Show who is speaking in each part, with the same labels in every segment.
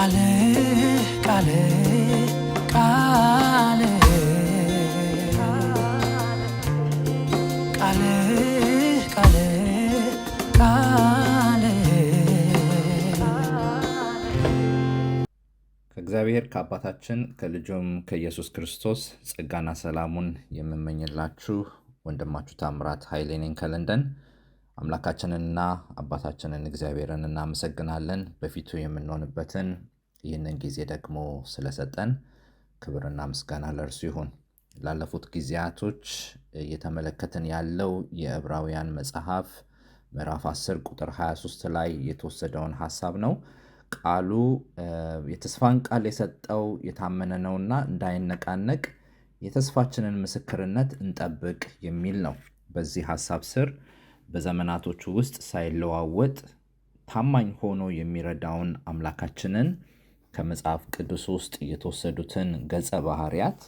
Speaker 1: ቃል ከእግዚአብሔር ከአባታችን ከልጁም ከኢየሱስ ክርስቶስ ጸጋና ሰላሙን የምመኝላችሁ ወንድማችሁ ታምራት ኃይሌ ከለንደን። አምላካችንንና አባታችንን እግዚአብሔርን እናመሰግናለን። በፊቱ የምንሆንበትን ይህንን ጊዜ ደግሞ ስለሰጠን ክብርና ምስጋና ለእርሱ ይሁን። ላለፉት ጊዜያቶች እየተመለከትን ያለው የዕብራውያን መጽሐፍ ምዕራፍ 10 ቁጥር 23 ላይ የተወሰደውን ሐሳብ ነው። ቃሉ የተስፋን ቃል የሰጠው የታመነ ነውና እንዳይነቃነቅ የተስፋችንን ምስክርነት እንጠብቅ የሚል ነው። በዚህ ሐሳብ ስር በዘመናቶቹ ውስጥ ሳይለዋወጥ ታማኝ ሆኖ የሚረዳውን አምላካችንን ከመጽሐፍ ቅዱስ ውስጥ የተወሰዱትን ገጸ ባህሪያት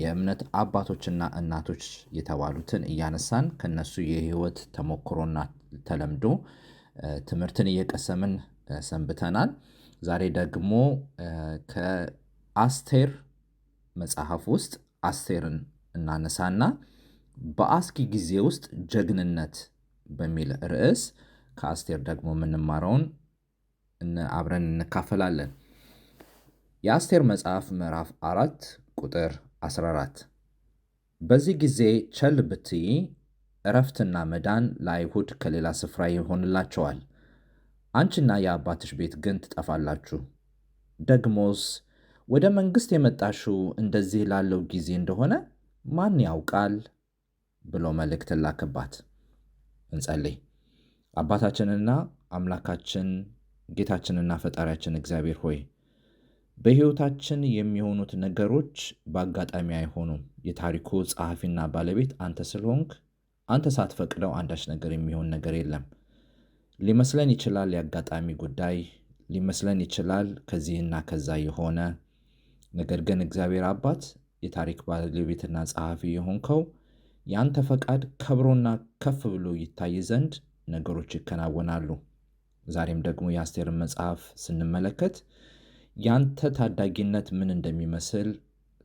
Speaker 1: የእምነት አባቶችና እናቶች የተባሉትን እያነሳን ከነሱ የህይወት ተሞክሮና ተለምዶ ትምህርትን እየቀሰምን ሰንብተናል። ዛሬ ደግሞ ከአስቴር መጽሐፍ ውስጥ አስቴርን እናነሳና በአስጊ ጊዜ ውስጥ ጀግንነት በሚል ርዕስ ከአስቴር ደግሞ የምንማረውን አብረን እንካፈላለን። የአስቴር መጽሐፍ ምዕራፍ አራት ቁጥር 14 በዚህ ጊዜ ቸል ብትይ እረፍትና መዳን ለአይሁድ ከሌላ ስፍራ ይሆንላቸዋል፣ አንቺና የአባትሽ ቤት ግን ትጠፋላችሁ። ደግሞስ ወደ መንግሥት የመጣሽው እንደዚህ ላለው ጊዜ እንደሆነ ማን ያውቃል ብሎ መልእክት ላክባት? እንጸልይ። አባታችንና አምላካችን ጌታችንና ፈጣሪያችን እግዚአብሔር ሆይ በሕይወታችን የሚሆኑት ነገሮች በአጋጣሚ አይሆኑም። የታሪኩ ጸሐፊና ባለቤት አንተ ስለሆንክ አንተ ሳትፈቅደው አንዳች ነገር የሚሆን ነገር የለም። ሊመስለን ይችላል የአጋጣሚ ጉዳይ ሊመስለን ይችላል ከዚህና ከዛ የሆነ ነገር ግን እግዚአብሔር አባት የታሪክ ባለቤትና ጸሐፊ የሆንከው ያንተ ፈቃድ ከብሮና ከፍ ብሎ ይታይ ዘንድ ነገሮች ይከናወናሉ። ዛሬም ደግሞ የአስቴርን መጽሐፍ ስንመለከት ያንተ ታዳጊነት ምን እንደሚመስል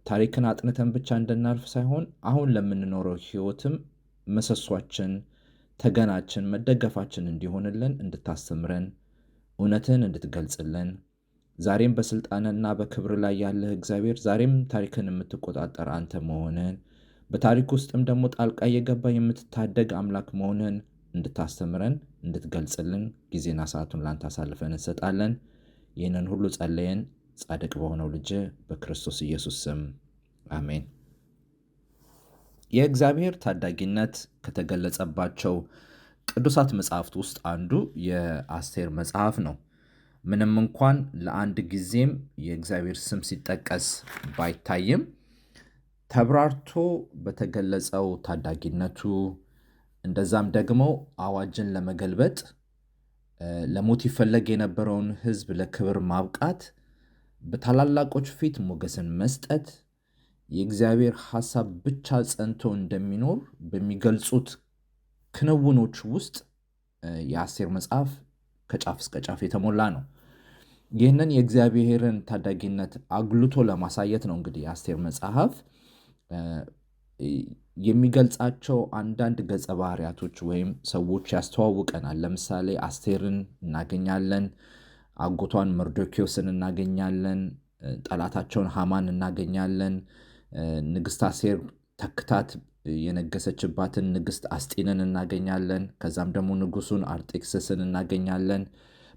Speaker 1: ታሪክን አጥንተን ብቻ እንድናልፍ ሳይሆን አሁን ለምንኖረው ሕይወትም ምሰሷችን፣ ተገናችን፣ መደገፋችን እንዲሆንልን እንድታስተምረን፣ እውነትን እንድትገልጽልን ዛሬም በስልጣንና በክብር ላይ ያለህ እግዚአብሔር ዛሬም ታሪክን የምትቆጣጠር አንተ መሆንን በታሪክ ውስጥም ደግሞ ጣልቃ እየገባ የምትታደግ አምላክ መሆንን እንድታስተምረን እንድትገልጽልን ጊዜና ሰዓቱን ላንተ አሳልፈን እንሰጣለን። ይህንን ሁሉ ጸለየን ጻድቅ በሆነው ልጅ በክርስቶስ ኢየሱስ ስም አሜን። የእግዚአብሔር ታዳጊነት ከተገለጸባቸው ቅዱሳት መጽሐፍት ውስጥ አንዱ የአስቴር መጽሐፍ ነው። ምንም እንኳን ለአንድ ጊዜም የእግዚአብሔር ስም ሲጠቀስ ባይታይም ተብራርቶ በተገለጸው ታዳጊነቱ እንደዛም ደግሞ አዋጅን ለመገልበጥ ለሞት ይፈለግ የነበረውን ሕዝብ ለክብር ማብቃት፣ በታላላቆች ፊት ሞገስን መስጠት፣ የእግዚአብሔር ሐሳብ ብቻ ጸንቶ እንደሚኖር በሚገልጹት ክንውኖች ውስጥ የአስቴር መጽሐፍ ከጫፍ እስከ ጫፍ የተሞላ ነው። ይህንን የእግዚአብሔርን ታዳጊነት አጉልቶ ለማሳየት ነው እንግዲህ የአስቴር መጽሐፍ የሚገልጻቸው አንዳንድ ገጸ ባህሪያቶች ወይም ሰዎች ያስተዋውቀናል። ለምሳሌ አስቴርን እናገኛለን። አጎቷን መርዶኪዮስን እናገኛለን። ጠላታቸውን ሃማን እናገኛለን። ንግስት አሴር ተክታት የነገሰችባትን ንግስት አስጢንን እናገኛለን። ከዛም ደግሞ ንጉሱን አርጤክሰስን እናገኛለን።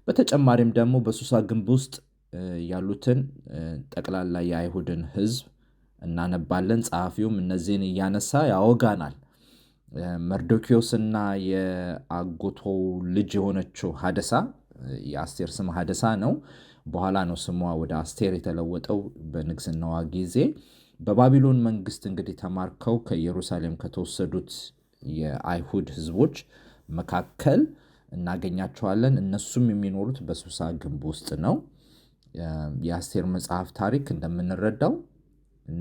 Speaker 1: በተጨማሪም ደግሞ በሱሳ ግንብ ውስጥ ያሉትን ጠቅላላ የአይሁድን ህዝብ። እናነባለን። ጸሐፊውም እነዚህን እያነሳ ያወጋናል። መርዶኪዎስና የአጎቶ ልጅ የሆነችው ሀደሳ የአስቴር ስም ሀደሳ ነው። በኋላ ነው ስሟ ወደ አስቴር የተለወጠው በንግስናዋ ጊዜ በባቢሎን መንግስት እንግዲህ ተማርከው ከኢየሩሳሌም ከተወሰዱት የአይሁድ ህዝቦች መካከል እናገኛቸዋለን። እነሱም የሚኖሩት በሱሳ ግንብ ውስጥ ነው። የአስቴር መጽሐፍ ታሪክ እንደምንረዳው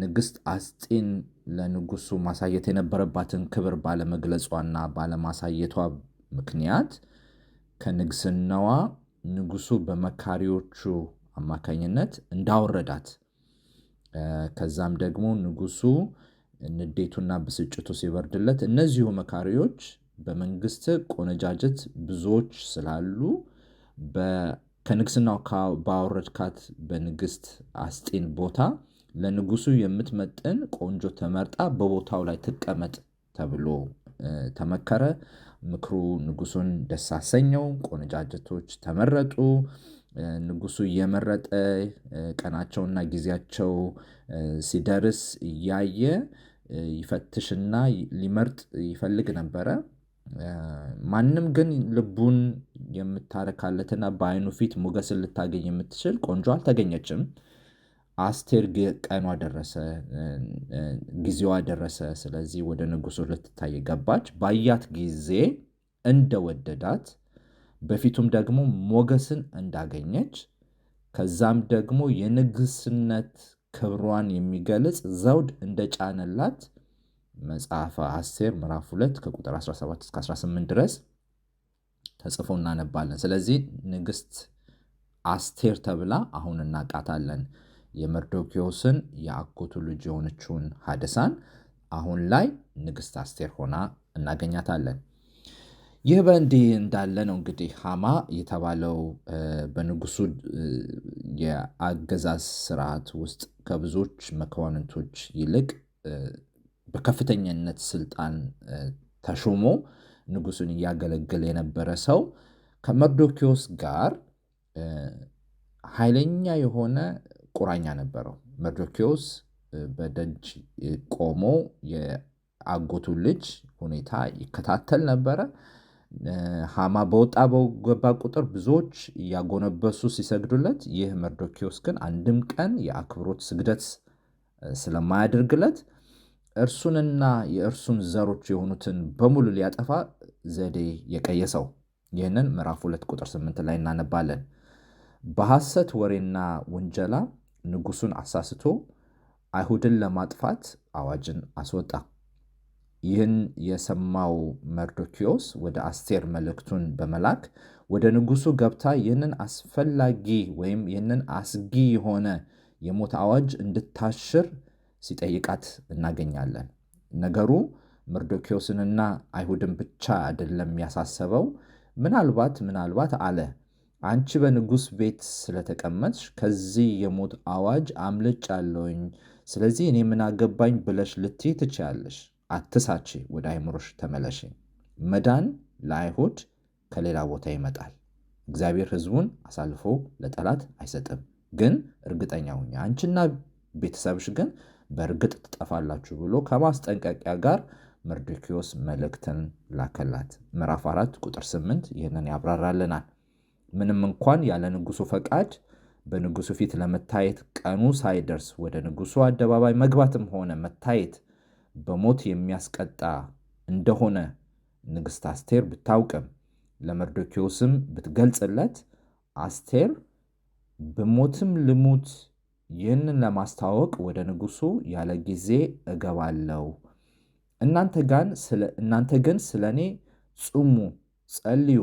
Speaker 1: ንግስት አስጢን ለንጉሱ ማሳየት የነበረባትን ክብር ባለመግለጿና ባለማሳየቷ ምክንያት ከንግስናዋ ንጉሱ በመካሪዎቹ አማካኝነት እንዳወረዳት ከዛም ደግሞ ንጉሱ ንዴቱና ብስጭቱ ሲበርድለት እነዚሁ መካሪዎች በመንግስት ቆነጃጀት ብዙዎች ስላሉ ከንግስናው ባወረድካት በንግስት አስጢን ቦታ ለንጉሱ የምትመጥን ቆንጆ ተመርጣ በቦታው ላይ ትቀመጥ ተብሎ ተመከረ። ምክሩ ንጉሱን ደስ አሰኘው። ቆነጃጀቶች ተመረጡ። ንጉሱ እየመረጠ ቀናቸውና ጊዜያቸው ሲደርስ እያየ ይፈትሽና ሊመርጥ ይፈልግ ነበረ። ማንም ግን ልቡን የምታረካለትና በአይኑ ፊት ሞገስን ልታገኝ የምትችል ቆንጆ አልተገኘችም። አስቴር ቀኗ ደረሰ፣ ጊዜዋ ደረሰ። ስለዚህ ወደ ንጉሱ ልትታይ ገባች። ባያት ጊዜ እንደወደዳት በፊቱም ደግሞ ሞገስን እንዳገኘች ከዛም ደግሞ የንግስነት ክብሯን የሚገልጽ ዘውድ እንደጫነላት መጽሐፈ አስቴር ምዕራፍ 2 ከቁጥር 17 እስከ 18 ድረስ ተጽፎ እናነባለን። ስለዚህ ንግስት አስቴር ተብላ አሁን እናቃታለን። የመርዶኪዎስን የአጎቱ ልጅ የሆነችውን ሀደሳን አሁን ላይ ንግስት አስቴር ሆና እናገኛታለን። ይህ በእንዲህ እንዳለ ነው እንግዲህ ሃማ የተባለው በንጉሱ የአገዛዝ ስርዓት ውስጥ ከብዙዎች መኳንንቶች ይልቅ በከፍተኛነት ስልጣን ተሾሞ ንጉሱን እያገለገለ የነበረ ሰው ከመርዶኪዎስ ጋር ኃይለኛ የሆነ ቁራኛ ነበረው። መርዶኪዎስ በደጅ ቆሞ የአጎቱን ልጅ ሁኔታ ይከታተል ነበረ። ሃማ በወጣ በገባ ቁጥር ብዙዎች እያጎነበሱ ሲሰግዱለት፣ ይህ መርዶኪዎስ ግን አንድም ቀን የአክብሮት ስግደት ስለማያደርግለት እርሱንና የእርሱን ዘሮች የሆኑትን በሙሉ ሊያጠፋ ዘዴ የቀየሰው። ይህንን ምዕራፍ ሁለት ቁጥር ስምንት ላይ እናነባለን። በሐሰት ወሬና ውንጀላ ንጉሱን አሳስቶ አይሁድን ለማጥፋት አዋጅን አስወጣ። ይህን የሰማው መርዶኪዎስ ወደ አስቴር መልእክቱን በመላክ ወደ ንጉሱ ገብታ ይህንን አስፈላጊ ወይም ይህንን አስጊ የሆነ የሞት አዋጅ እንድታሽር ሲጠይቃት እናገኛለን። ነገሩ መርዶኪዎስንና አይሁድን ብቻ አይደለም ያሳሰበው። ምናልባት ምናልባት አለ አንቺ በንጉሥ ቤት ስለተቀመጥሽ ከዚህ የሞት አዋጅ አምልጫለሁኝ፣ ስለዚህ እኔ ምን አገባኝ ብለሽ ልትይ ትችያለሽ። አትሳች፣ ወደ አይምሮሽ ተመለሽ። መዳን ለአይሁድ ከሌላ ቦታ ይመጣል። እግዚአብሔር ሕዝቡን አሳልፎ ለጠላት አይሰጥም። ግን እርግጠኛ ሁኚ፣ አንቺና ቤተሰብሽ ግን በእርግጥ ትጠፋላችሁ ብሎ ከማስጠንቀቂያ ጋር መርዶኪዎስ መልእክትን ላከላት። ምዕራፍ 4 ቁጥር 8 ይህንን ያብራራልናል። ምንም እንኳን ያለ ንጉሱ ፈቃድ በንጉሱ ፊት ለመታየት ቀኑ ሳይደርስ ወደ ንጉሱ አደባባይ መግባትም ሆነ መታየት በሞት የሚያስቀጣ እንደሆነ ንግሥት አስቴር ብታውቅም ለመርዶኪዎስም ብትገልጽለት አስቴር ብሞትም ልሙት ይህንን ለማስታወቅ ወደ ንጉሱ ያለ ጊዜ እገባለሁ። እናንተ ግን ስለ እኔ ጽሙ፣ ጸልዩ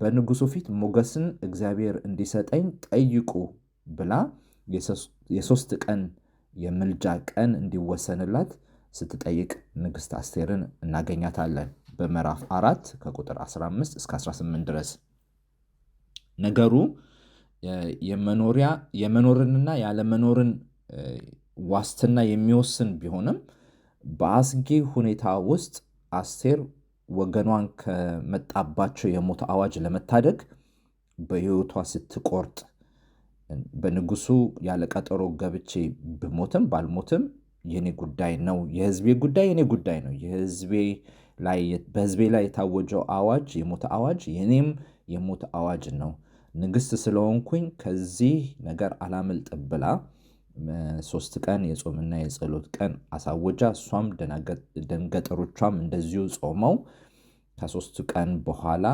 Speaker 1: በንጉሱ ፊት ሞገስን እግዚአብሔር እንዲሰጠኝ ጠይቁ ብላ የሶስት ቀን የምልጃ ቀን እንዲወሰንላት ስትጠይቅ ንግስት አስቴርን እናገኛታለን በምዕራፍ አራት ከቁጥር 15 እስከ 18 ድረስ። ነገሩ የመኖርንና ያለመኖርን ዋስትና የሚወስን ቢሆንም በአስጌ ሁኔታ ውስጥ አስቴር ወገኗን ከመጣባቸው የሞት አዋጅ ለመታደግ በሕይወቷ ስትቆርጥ በንጉሱ ያለ ቀጠሮ ገብቼ ብሞትም ባልሞትም የኔ ጉዳይ ነው፣ የህዝቤ ጉዳይ የኔ ጉዳይ ነው። በህዝቤ ላይ የታወጀው አዋጅ የሞት አዋጅ የኔም የሞት አዋጅ ነው። ንግስት ስለሆንኩኝ ከዚህ ነገር አላመልጥ ብላ ሶስት ቀን የጾምና የጸሎት ቀን አሳወጃ። እሷም ደንገጠሮቿም እንደዚሁ ጾመው ከሶስቱ ቀን በኋላ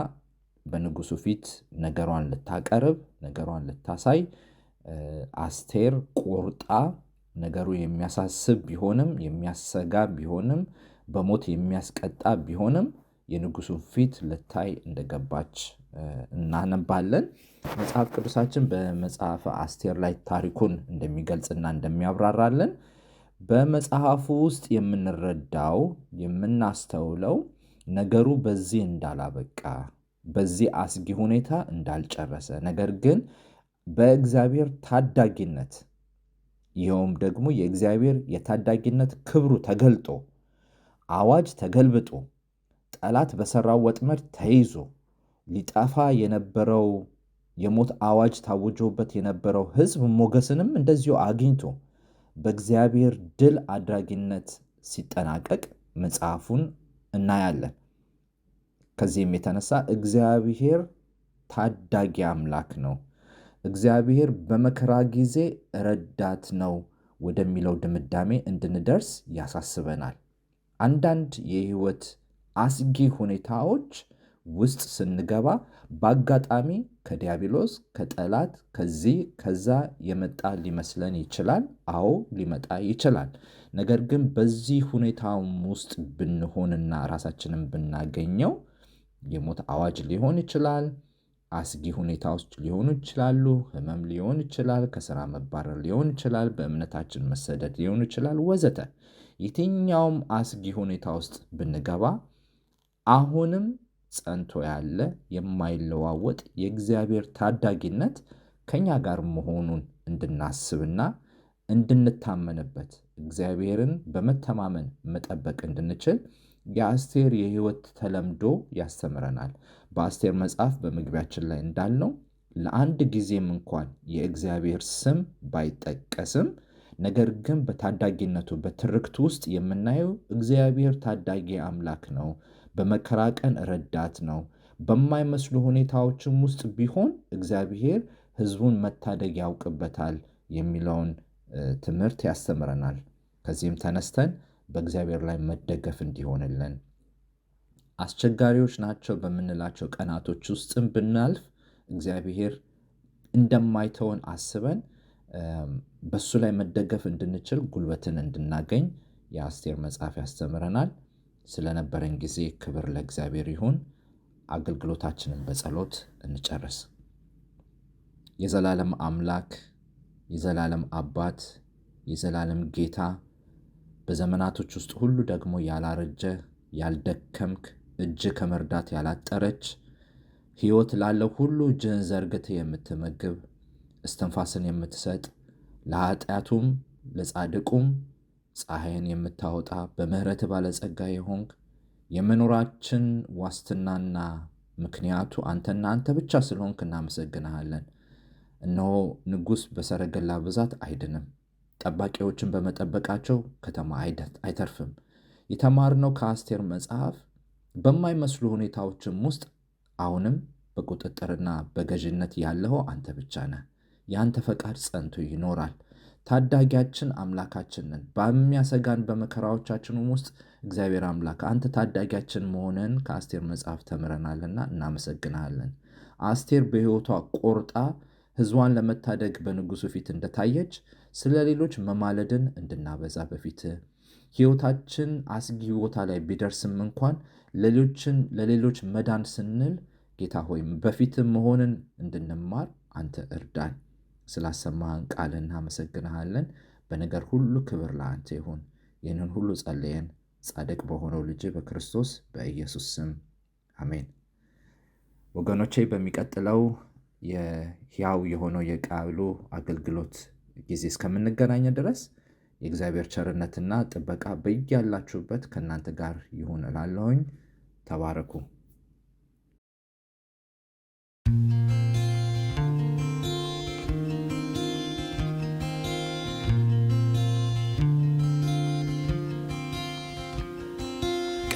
Speaker 1: በንጉሱ ፊት ነገሯን ልታቀርብ ነገሯን ልታሳይ አስቴር ቆርጣ ነገሩ የሚያሳስብ ቢሆንም የሚያሰጋ ቢሆንም በሞት የሚያስቀጣ ቢሆንም የንጉሱን ፊት ልታይ እንደገባች እናነባለን። መጽሐፍ ቅዱሳችን በመጽሐፈ አስቴር ላይ ታሪኩን እንደሚገልጽና እንደሚያብራራለን። በመጽሐፉ ውስጥ የምንረዳው የምናስተውለው ነገሩ በዚህ እንዳላበቃ በዚህ አስጊ ሁኔታ እንዳልጨረሰ ነገር ግን በእግዚአብሔር ታዳጊነት ይኸውም ደግሞ የእግዚአብሔር የታዳጊነት ክብሩ ተገልጦ አዋጅ ተገልብጦ ጠላት በሰራው ወጥመድ ተይዞ ሊጠፋ የነበረው የሞት አዋጅ ታውጆበት የነበረው ህዝብ ሞገስንም እንደዚሁ አግኝቶ በእግዚአብሔር ድል አድራጊነት ሲጠናቀቅ መጽሐፉን እናያለን። ከዚህም የተነሳ እግዚአብሔር ታዳጊ አምላክ ነው፣ እግዚአብሔር በመከራ ጊዜ ረዳት ነው ወደሚለው ድምዳሜ እንድንደርስ ያሳስበናል። አንዳንድ የህይወት አስጊ ሁኔታዎች ውስጥ ስንገባ በአጋጣሚ ከዲያብሎስ ከጠላት ከዚህ ከዛ የመጣ ሊመስለን ይችላል። አዎ ሊመጣ ይችላል። ነገር ግን በዚህ ሁኔታም ውስጥ ብንሆንና ራሳችንን ብናገኘው የሞት አዋጅ ሊሆን ይችላል። አስጊ ሁኔታዎች ሊሆኑ ይችላሉ። ህመም ሊሆን ይችላል። ከስራ መባረር ሊሆን ይችላል። በእምነታችን መሰደድ ሊሆን ይችላል። ወዘተ የትኛውም አስጊ ሁኔታ ውስጥ ብንገባ አሁንም ጸንቶ ያለ የማይለዋወጥ የእግዚአብሔር ታዳጊነት ከእኛ ጋር መሆኑን እንድናስብና እንድንታመንበት እግዚአብሔርን በመተማመን መጠበቅ እንድንችል የአስቴር የሕይወት ተለምዶ ያስተምረናል። በአስቴር መጽሐፍ በመግቢያችን ላይ እንዳልነው ለአንድ ጊዜም እንኳን የእግዚአብሔር ስም ባይጠቀስም ነገር ግን በታዳጊነቱ በትርክቱ ውስጥ የምናየው እግዚአብሔር ታዳጊ አምላክ ነው፣ በመከራ ቀን ረዳት ነው። በማይመስሉ ሁኔታዎችም ውስጥ ቢሆን እግዚአብሔር ሕዝቡን መታደግ ያውቅበታል የሚለውን ትምህርት ያስተምረናል። ከዚህም ተነስተን በእግዚአብሔር ላይ መደገፍ እንዲሆንልን አስቸጋሪዎች ናቸው በምንላቸው ቀናቶች ውስጥም ብናልፍ እግዚአብሔር እንደማይተውን አስበን በሱ ላይ መደገፍ እንድንችል ጉልበትን እንድናገኝ የአስቴር መጽሐፍ ያስተምረናል። ስለነበረን ጊዜ ክብር ለእግዚአብሔር ይሁን። አገልግሎታችንን በጸሎት እንጨርስ። የዘላለም አምላክ፣ የዘላለም አባት፣ የዘላለም ጌታ በዘመናቶች ውስጥ ሁሉ ደግሞ ያላረጀ ያልደከምክ እጅ ከመርዳት ያላጠረች ሕይወት ላለው ሁሉ እጅህን ዘርግተ የምትመግብ እስትንፋስን የምትሰጥ ለኃጢአቱም ለጻድቁም ፀሐይን የምታወጣ በምሕረት ባለጸጋ የሆንክ የመኖራችን ዋስትናና ምክንያቱ አንተና አንተ ብቻ ስለሆንክ እናመሰግንሃለን። እነሆ ንጉሥ በሰረገላ ብዛት አይድንም፣ ጠባቂዎችን በመጠበቃቸው ከተማ አይተርፍም። የተማርነው ከአስቴር መጽሐፍ በማይመስሉ ሁኔታዎችም ውስጥ አሁንም በቁጥጥርና በገዥነት ያለሆ አንተ ብቻ ነህ። የአንተ ፈቃድ ጸንቶ ይኖራል። ታዳጊያችን አምላካችን ነን። በሚያሰጋን በመከራዎቻችን ውስጥ እግዚአብሔር አምላክ አንተ ታዳጊያችን መሆንን ከአስቴር መጽሐፍ ተምረናልና እናመሰግናለን። አስቴር በሕይወቷ ቆርጣ ሕዝቧን ለመታደግ በንጉሱ ፊት እንደታየች ስለ ሌሎች መማለድን እንድናበዛ በፊት ሕይወታችን አስጊ ቦታ ላይ ቢደርስም እንኳን ሌሎችን ለሌሎች መዳን ስንል ጌታ ሆይ በፊት መሆንን እንድንማር አንተ እርዳን። ስላሰማህን ቃል እናመሰግንሃለን። በነገር ሁሉ ክብር ለአንተ ይሁን። ይህንን ሁሉ ጸለየን ጻደቅ በሆነው ልጅ በክርስቶስ በኢየሱስ ስም አሜን። ወገኖቼ በሚቀጥለው የሕያው የሆነው የቃሉ አገልግሎት ጊዜ እስከምንገናኝ ድረስ የእግዚአብሔር ቸርነትና ጥበቃ በያላችሁበት ከእናንተ ጋር ይሁን እላለሁኝ። ተባረኩ።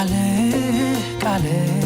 Speaker 1: አለቃለ